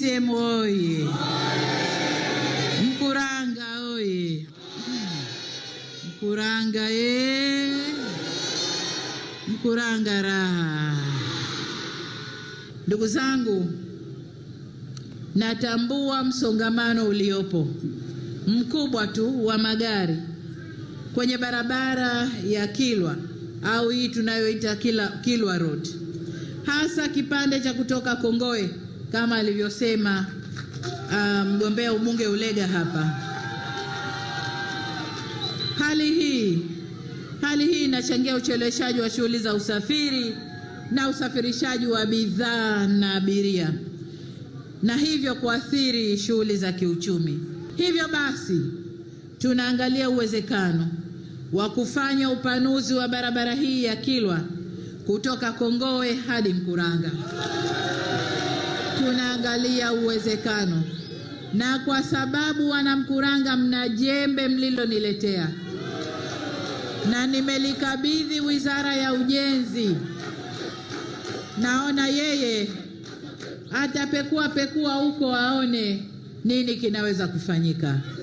CCM oye! Mkuranga oye! Mkuranga ye! Eh. Mkuranga raha! Ndugu zangu, natambua msongamano uliopo mkubwa tu wa magari kwenye barabara ya Kilwa au hii tunayoita Kilwa Road, hasa kipande cha kutoka Kongoe kama alivyosema uh, mgombea um, ubunge Ulega hapa. Hali hii hali hii inachangia ucheleweshaji wa shughuli za usafiri na usafirishaji wa bidhaa na abiria na hivyo kuathiri shughuli za kiuchumi. Hivyo basi, tunaangalia uwezekano wa kufanya upanuzi wa barabara hii ya Kilwa kutoka Kongowe hadi Mkuranga tunaangalia uwezekano, na kwa sababu Wanamkuranga mna jembe mliloniletea na nimelikabidhi Wizara ya Ujenzi, naona yeye atapekua pekua huko aone nini kinaweza kufanyika.